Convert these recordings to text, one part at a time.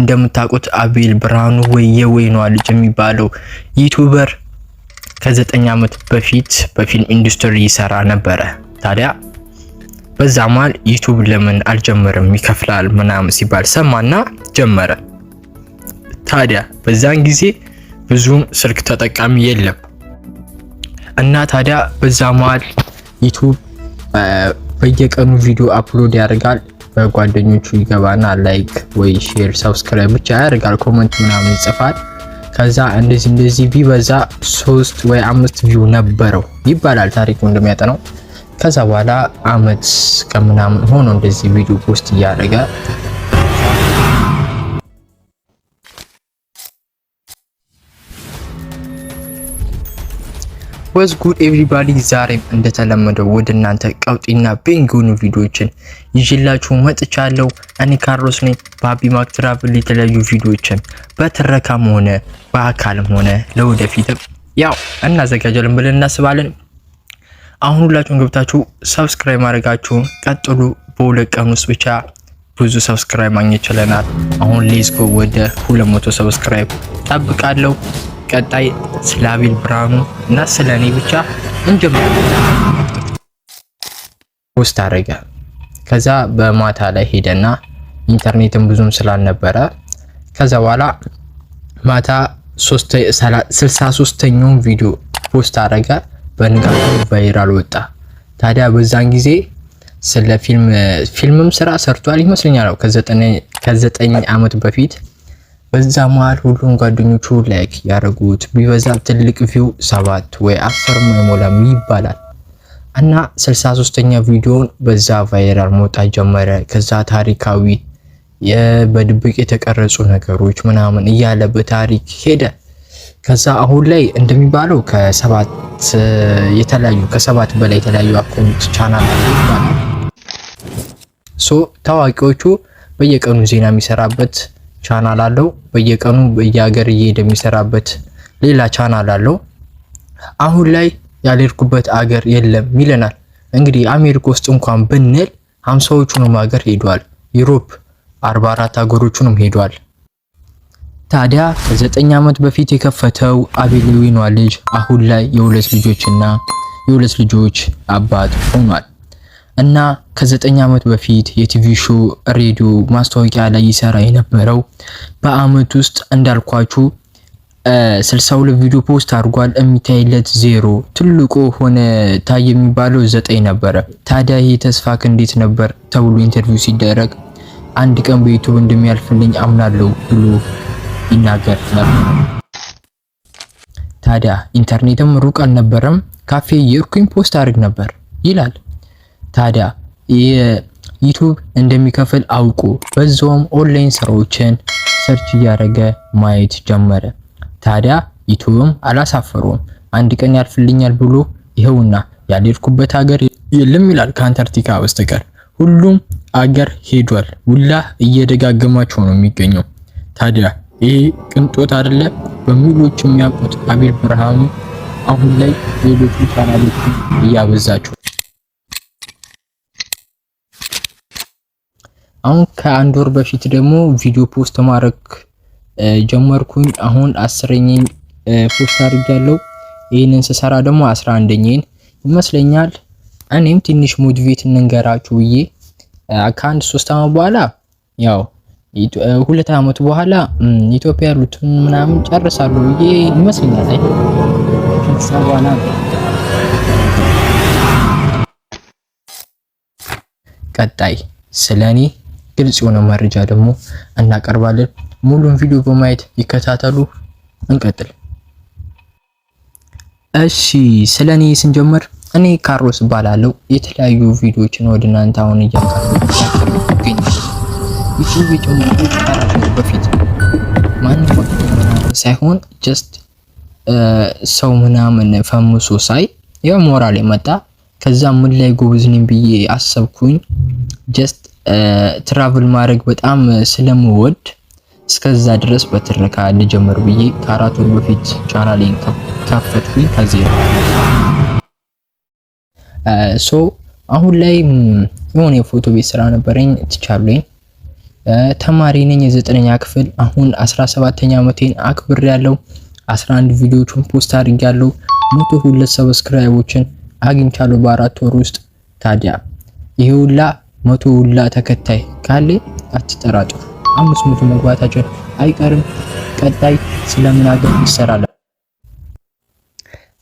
እንደምታውቁት አቤል ብርሃኑ ወይ የወይኗ ልጅ የሚባለው ዩቲዩበር ከዘጠኝ ዓመት በፊት በፊልም ኢንዱስትሪ ይሰራ ነበረ። ታዲያ በዛ መሀል ዩቲዩብ ለምን አልጀመርም ይከፍላል ምናምን ሲባል ሰማና ጀመረ። ታዲያ በዛን ጊዜ ብዙም ስልክ ተጠቃሚ የለም እና ታዲያ በዛ መሃል ዩቲዩብ በየቀኑ ቪዲዮ አፕሎድ ያደርጋል። በጓደኞቹ ይገባና ላይክ ወይ ሼር ሰብስክራይብ ብቻ ያደርጋል። ኮመንት ምናምን ይጽፋል። ከዛ እንደዚህ እንደዚህ ቢበዛ ሶስት ወይ አምስት ቪው ነበረው ይባላል ታሪኩ ነው ከዛ በኋላ አመት ከምናምን ሆኖ እንደዚህ ቪዲዮ ፖስት እያደረገ ወዝ ጉድ ኤቭሪባዲ ዛሬም እንደተለመደው ወደ እናንተ ቀውጢና ቤንጎኑ ቪዲዮዎችን ይዤላችሁ መጥቻለሁ። እኔ ካርሎስ ነኝ። ባቢ ማክ ትራቭል የተለያዩ ቪዲዮዎችን በትረካም ሆነ በአካልም ሆነ ለወደፊትም ያው እናዘጋጃለን ብለን እናስባለን። አሁን ሁላችሁን ገብታችሁ ሰብስክራይብ ማድረጋችሁን ቀጥሉ። በሁለት ቀን ውስጥ ብቻ ብዙ ሰብስክራይብ ማግኘት ችለናል። አሁን ሌስኮ ወደ 200 ሰብስክራይብ ጠብቃለሁ። ቀጣይ ስለ አቤል ብርሃኑ እና ስለ እኔ ብቻ እንጀምር ፖስት አደረገ። ከዛ በማታ ላይ ሄደና ኢንተርኔትም ብዙም ስላልነበረ ከዛ በኋላ ማታ 63ኛውን ቪዲዮ ፖስት አደረገ። በንጋቱ ቫይራል ወጣ። ታዲያ በዛን ጊዜ ስለ ፊልምም ስራ ሰርቷል ይመስለኛል ከዘጠኝ ዓመት በፊት በዛ መሃል ሁሉም ጓደኞቹ ላይክ ያደረጉት ቢበዛ ትልቅ ቪው ሰባት ወይ አስር አይሞላም ይባላል እና 63ኛ ቪዲዮ በዛ ቫይራል መውጣት ጀመረ። ከዛ ታሪካዊ በድብቅ የተቀረጹ ነገሮች ምናምን እያለ በታሪክ ሄደ። ከዛ አሁን ላይ እንደሚባለው ከሰባት የተለያዩ ከሰባት በላይ የተለያዩ አካውንት ቻናል ሶ ታዋቂዎቹ በየቀኑ ዜና የሚሰራበት ቻናል አለው። በየቀኑ በየሀገር እየሄደ የሚሰራበት ሌላ ቻናል አለው። አሁን ላይ ያልሄድኩበት አገር የለም ይለናል። እንግዲህ አሜሪካ ውስጥ እንኳን ብንል ሀምሳዎቹንም ሀገር ሄዷል። ዩሮፕ 44 ሀገሮቹንም ሄዷል። ታዲያ ከዘጠኝ ዓመት በፊት የከፈተው አቤሌዊኗ ልጅ አሁን ላይ የሁለት ልጆችና የሁለት ልጆች አባት ሆኗል። እና ከዘጠኝ ዓመት በፊት የቲቪ ሾ ሬዲዮ ማስታወቂያ ላይ ይሰራ የነበረው በአመት ውስጥ እንዳልኳችሁ 62 ቪዲዮ ፖስት አድርጓል። የሚታይለት ዜሮ፣ ትልቁ ሆነ ታይ የሚባለው ዘጠኝ ነበረ። ታዲያ ይህ ተስፋ እንዴት ነበር ተብሎ ኢንተርቪው ሲደረግ አንድ ቀን በዩቱብ እንደሚያልፍልኝ አምናለሁ ብሎ ይናገር ነበር። ታዲያ ኢንተርኔትም ሩቅ አልነበረም። ካፌ የርኩኝ ፖስት አድርግ ነበር ይላል። ታዲያ ዩቱብ እንደሚከፍል አውቁ። በዛውም ኦንላይን ስራዎችን ሰርች እያደረገ ማየት ጀመረ። ታዲያ ዩቱብም አላሳፈረውም። አንድ ቀን ያልፍልኛል ብሎ ይኸውና ያልሄድኩበት ሀገር የለም ይላል ከአንታርክቲካ በስተቀር ሁሉም አገር ሄዷል። ውላ እየደጋገማቸው ነው የሚገኘው። ታዲያ ይሄ ቅንጦት አይደለ? በሚሊዮኖች የሚያውቁት አቤል ብርሃኑ አሁን ላይ ሌሎቹ ቻናሎችን እያበዛቸው አሁን ከአንድ ወር በፊት ደግሞ ቪዲዮ ፖስት ማድረግ ጀመርኩኝ። አሁን አስረኛኝ ፖስት አድርጊያለሁ። ይህንን ስሰራ ደግሞ አስራ አንደኛን ይመስለኛል። እኔም ትንሽ ሞቲቬት እንንገራችሁ ብዬ ከአንድ ሶስት አመት በኋላ ያው ሁለት አመት በኋላ ኢትዮጵያ ያሉትን ምናምን ጨርሳሉ ብዬ ይመስለኛል። አይ በኋላ ቀጣይ ስለኔ ግልጽ የሆነ መረጃ ደግሞ እናቀርባለን። ሙሉን ቪዲዮ በማየት ይከታተሉ። እንቀጥል። እሺ ስለ እኔ ስንጀምር እኔ ካርሎስ እባላለሁ። የተለያዩ ቪዲዮዎችን ወደ እናንተ አሁን እያቀረብኩ በፊት ሳይሆን ጀስት ሰው ምናምን ፈምሶ ሳይ የሞራል የመጣ ከዛ ምን ላይ ጎበዝ ነኝ ብዬ አሰብኩኝ። ጀስት ትራቭል ማድረግ በጣም ስለምወድ እስከዛ ድረስ በትረካ ልጀምር ብዬ ከአራት ወር በፊት ቻናሌን ከፈትኩኝ። ከዚህ ሶ አሁን ላይ የሆነ የፎቶ ቤት ስራ ነበረኝ ትቻሉኝ ተማሪ ነኝ የዘጠነኛ ክፍል አሁን 17ኛ ዓመቴን አክብር ያለው 11 ቪዲዮዎችን ፖስት አድርጊያለሁ። መቶ ሁለት ሰብስክራይቦችን አግኝቻለሁ በአራት ወር ውስጥ ታዲያ ይሄውላ መቶ ሁላ ተከታይ ካለ አትጠራጡ አምስት መቶ መግባታቸው አይቀርም። ቀጣይ ስለምን ሀገር ይሰራል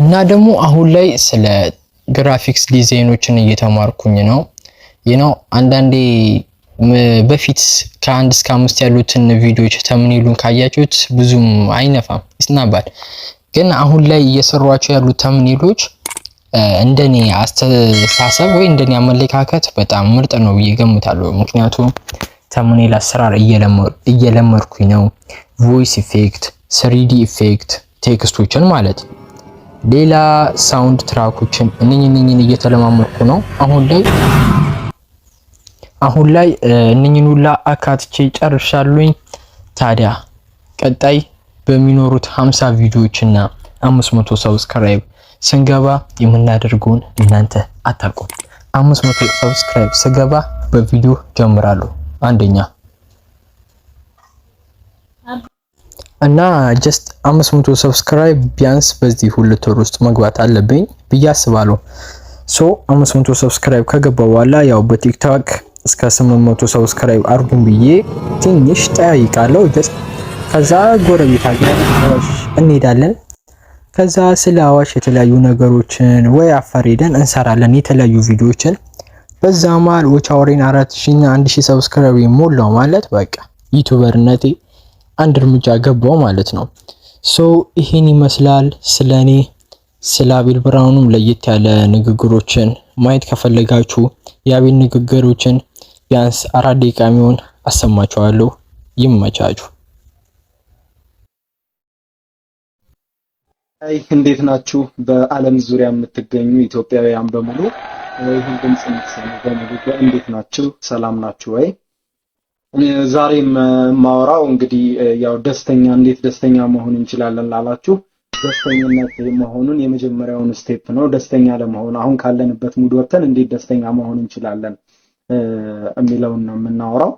እና ደግሞ አሁን ላይ ስለ ግራፊክስ ዲዛይኖችን እየተማርኩኝ ነው። ይናው አንዳንዴ በፊት ከአንድ እስከ አምስት ያሉትን ቪዲዮዎች ተምኔሉን ካያችሁት ብዙም አይነፋም ይስናባል። ግን አሁን ላይ እየሰሯቸው ያሉት ተምኔሎች እንደኔ አስተሳሰብ ወይ እንደኔ አመለካከት በጣም ምርጥ ነው ብዬ ገምታለሁ። ምክንያቱም ተምኔል አሰራር እየለመድኩኝ ነው። ቮይስ ኢፌክት፣ ስሪዲ ኢፌክት ቴክስቶችን ማለት ሌላ ሳውንድ ትራኮችን እነኝ እነኝን እየተለማመድኩ ነው አሁን ላይ አሁን ላይ እነኝን ሁላ አካትቼ ጨርሻሉኝ። ታዲያ ቀጣይ በሚኖሩት 50 ቪዲዮዎችና 500 ሰብስክራይብ ስንገባ የምናደርገውን እናንተ አታውቁም። አምስት መቶ ሰብስክራይብ ስገባ በቪዲዮ ጀምራለሁ። አንደኛ እና ጀስት አምስት መቶ ሰብስክራይብ ቢያንስ በዚህ ሁለት ወር ውስጥ መግባት አለብኝ ብዬ አስባለሁ። ሶ አምስት መቶ ሰብስክራይብ ከገባ በኋላ ያው በቲክቶክ እስከ 800 ሰብስክራይብ አርጉን ብዬ ትንሽ ጠያይቃለሁ። ጀስት ከዛ ጎረቤት ሀገር እንሄዳለን ከዛ ስለ አዋሽ የተለያዩ ነገሮችን ወይ አፋር ሄደን እንሰራለን የተለያዩ ቪዲዮዎችን። በዛ መሃል ወቻወሬን አራት ሺና አንድ ሺ ሰብስክራይብ ሞላው ማለት በቃ ዩቱበርነቴ አንድ እርምጃ ገባው ማለት ነው። ሶ ይሄን ይመስላል ስለ እኔ። ስለ አቤል ብርሃኑም ለየት ያለ ንግግሮችን ማየት ከፈለጋችሁ የአቤል ንግግሮችን ቢያንስ አራት ደቂቃ የሚሆን አሰማችኋለሁ። ይመቻችሁ። አይ እንዴት ናችሁ? በዓለም ዙሪያ የምትገኙ ኢትዮጵያውያን በሙሉ ይህን ድምጽ የምትሰሙ በሙሉ እንዴት ናችሁ? ሰላም ናችሁ ወይ? ዛሬ ማወራው እንግዲህ ያው ደስተኛ እንዴት ደስተኛ መሆን እንችላለን ላላችሁ ደስተኛነት መሆኑን የመጀመሪያውን ስቴፕ ነው። ደስተኛ ለመሆን አሁን ካለንበት ሙድ ወጥተን እንዴት ደስተኛ መሆን እንችላለን የሚለውን ነው የምናወራው።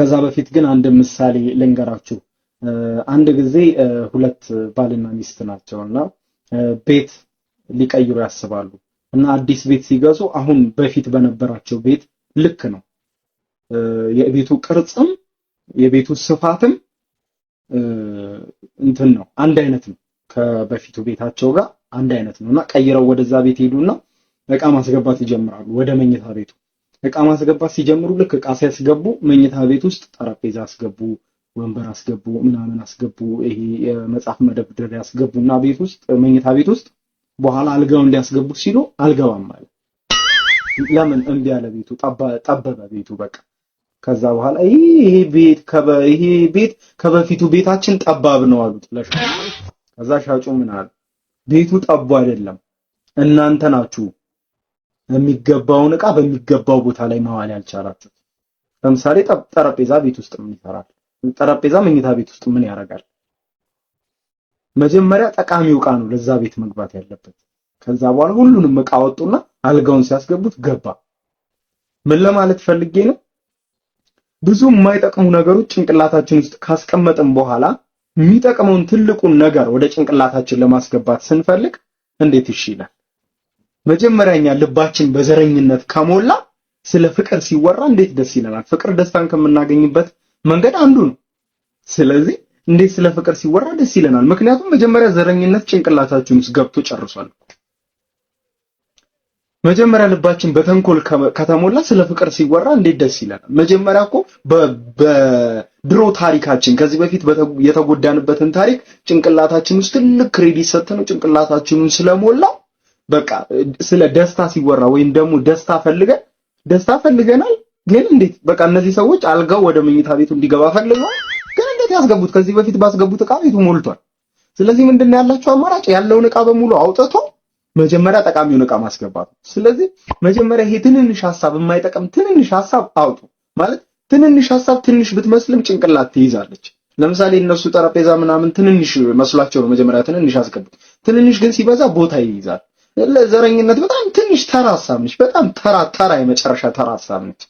ከዛ በፊት ግን አንድ ምሳሌ ልንገራችሁ። አንድ ጊዜ ሁለት ባልና ሚስት ናቸው እና ቤት ሊቀይሩ ያስባሉ እና አዲስ ቤት ሲገዙ አሁን በፊት በነበራቸው ቤት ልክ ነው የቤቱ ቅርጽም የቤቱ ስፋትም እንትን ነው አንድ አይነት ነው ከበፊቱ ቤታቸው ጋር አንድ አይነት ነው እና ቀይረው ወደዛ ቤት ሄዱና እቃ ማስገባት ይጀምራሉ ወደ መኝታ ቤቱ እቃ ማስገባት ሲጀምሩ ልክ እቃ ሲያስገቡ መኝታ ቤት ውስጥ ጠረጴዛ አስገቡ ወንበር አስገቡ፣ ምናምን አስገቡ፣ ይሄ የመጽሐፍ መደርደሪያ ያስገቡ እና ቤት ውስጥ መኝታ ቤት ውስጥ በኋላ አልጋው እንዲያስገቡት ሲሉ አልገባም ማለት ለምን እምቢ አለ ቤቱ፣ ጠበበ ቤቱ በቃ። ከዛ በኋላ ይሄ ቤት ይሄ ቤት ከበፊቱ ቤታችን ጠባብ ነው አሉት ለሻጩ። ከዛ ሻጩ ምን አለ ቤቱ ጠቡ አይደለም እናንተ ናችሁ የሚገባውን እቃ በሚገባው ቦታ ላይ ማዋል ያልቻላችሁ። ለምሳሌ ጠረጴዛ ቤት ውስጥ ምን ይሰራል? ጠረጴዛ መኝታ ቤት ውስጥ ምን ያደርጋል? መጀመሪያ ጠቃሚው እቃ ነው ለዛ ቤት መግባት ያለበት። ከዛ በኋላ ሁሉንም እቃ ወጡና አልጋውን ሲያስገቡት ገባ። ምን ለማለት ፈልጌ ነው? ብዙ የማይጠቅሙ ነገሮች ጭንቅላታችን ውስጥ ካስቀመጥን በኋላ የሚጠቅመውን ትልቁን ነገር ወደ ጭንቅላታችን ለማስገባት ስንፈልግ እንዴት ይሽላል? መጀመሪያኛ ልባችን በዘረኝነት ከሞላ ስለ ፍቅር ሲወራ እንዴት ደስ ይለናል? ፍቅር ደስታን ከምናገኝበት መንገድ አንዱ ነው። ስለዚህ እንዴት ስለ ፍቅር ሲወራ ደስ ይለናል። ምክንያቱም መጀመሪያ ዘረኝነት ጭንቅላታችን ውስጥ ገብቶ ጨርሷል። መጀመሪያ ልባችን በተንኮል ከተሞላ ስለ ፍቅር ሲወራ እንዴት ደስ ይለናል። መጀመሪያ እኮ በድሮ ታሪካችን ከዚህ በፊት የተጎዳንበትን ታሪክ ጭንቅላታችን ውስጥ ትልቅ ክሬዲት ሰጥተነው ጭንቅላታችንን ስለሞላ በቃ ስለ ደስታ ሲወራ ወይም ደግሞ ደስታ ፈልገን ደስታ ፈልገናል ግን እንዴት በቃ እነዚህ ሰዎች አልጋው ወደ መኝታ ቤቱ እንዲገባ ፈልገዋል። ግን እንዴት ያስገቡት? ከዚህ በፊት ባስገቡት እቃ ቤቱ ሞልቷል። ስለዚህ ምንድነው ያላቸው አማራጭ? ያለውን እቃ በሙሉ አውጥቶ መጀመሪያ ጠቃሚውን እቃ ማስገባት ስለዚህ መጀመሪያ ይሄ ትንንሽ ሐሳብ፣ የማይጠቅም ትንንሽ ሐሳብ አውጡ ማለት ትንንሽ ሐሳብ ትንሽ ብትመስልም ጭንቅላት ትይዛለች። ለምሳሌ እነሱ ጠረጴዛ ምናምን ትንንሽ መስሏቸው ነው መጀመሪያ ትንንሽ አስገቡት። ትንንሽ ግን ሲበዛ ቦታ ይይዛል። ለዘረኝነት በጣም ትንሽ ተራ ሐሳብ ነች። በጣም ተራ ተራ የመጨረሻ ተራ ሐሳብ ነች።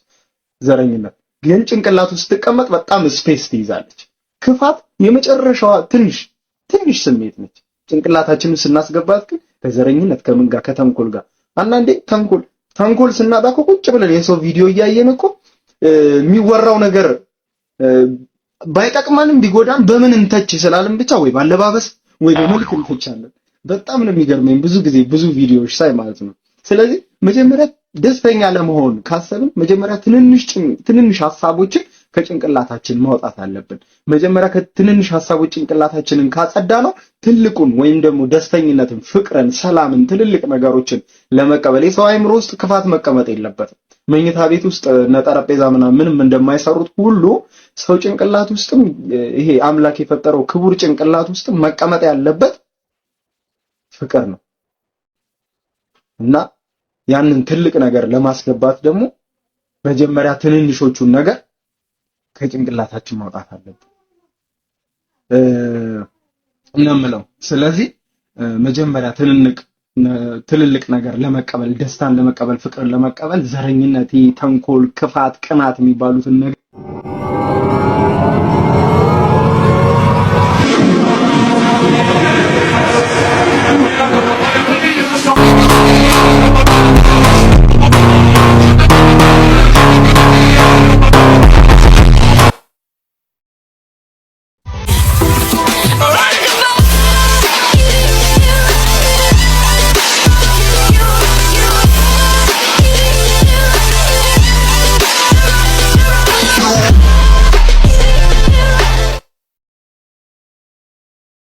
ዘረኝነት ግን ጭንቅላቱ ውስጥ ስትቀመጥ በጣም ስፔስ ትይዛለች። ክፋት የመጨረሻዋ ትንሽ ትንሽ ስሜት ነች። ጭንቅላታችንን ስናስገባት ግን ከዘረኝነት ከምን ጋር ከተንኮል ጋር አንዳንዴ ተንኮል ተንኮል ስናጣ እኮ ቁጭ ብለን የሰው ቪዲዮ እያየን እኮ የሚወራው ነገር ባይጠቅመንም ቢጎዳም በምን እንተች ስላልን ብቻ ወይ ባለባበስ ወይ በመልክ እንተቻለን። በጣም ነው የሚገርመኝ ብዙ ጊዜ ብዙ ቪዲዮዎች ሳይ ማለት ነው። ስለዚህ መጀመሪያ ደስተኛ ለመሆን ካሰብን መጀመሪያ ትንንሽ ሀሳቦችን ከጭንቅላታችን ማውጣት አለብን። መጀመሪያ ከትንንሽ ሀሳቦች ጭንቅላታችንን ካጸዳ ነው ትልቁን ወይም ደግሞ ደስተኝነትን፣ ፍቅርን፣ ሰላምን፣ ትልልቅ ነገሮችን ለመቀበል የሰው አይምሮ ውስጥ ክፋት መቀመጥ የለበትም። መኝታ ቤት ውስጥ እነ ጠረጴዛ ምናምን ምንም እንደማይሰሩት ሁሉ ሰው ጭንቅላት ውስጥም ይሄ አምላክ የፈጠረው ክቡር ጭንቅላት ውስጥ መቀመጥ ያለበት ፍቅር ነው እና ያንን ትልቅ ነገር ለማስገባት ደግሞ መጀመሪያ ትንንሾቹን ነገር ከጭንቅላታችን ማውጣት አለብን እነምለው። ስለዚህ መጀመሪያ ትንንቅ ትልልቅ ነገር ለመቀበል ደስታን ለመቀበል ፍቅርን ለመቀበል ዘረኝነት፣ ተንኮል፣ ክፋት፣ ቅናት የሚባሉትን ነገር